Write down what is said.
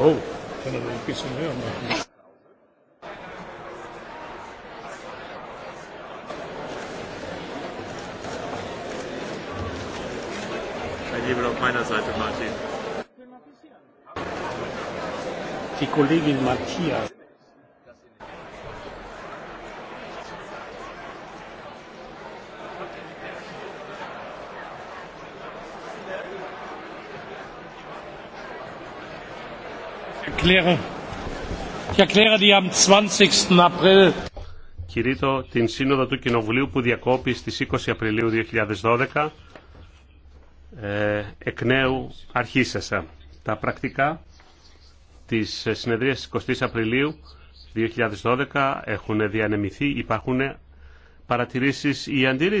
Oh, kann wir ein bisschen höher machen. auf meiner Seite, Martin. Die Kollegin Matthias. Κηρύττω την Σύνοδο του Κοινοβουλίου που διακόπη στις 20 Απριλίου 2012 ε, εκ νέου αρχίσασα. Τα πρακτικά της συνεδρίας 20 Απριλίου 2012 έχουν διανεμηθεί, υπάρχουν παρατηρήσεις ή αντίρρηση.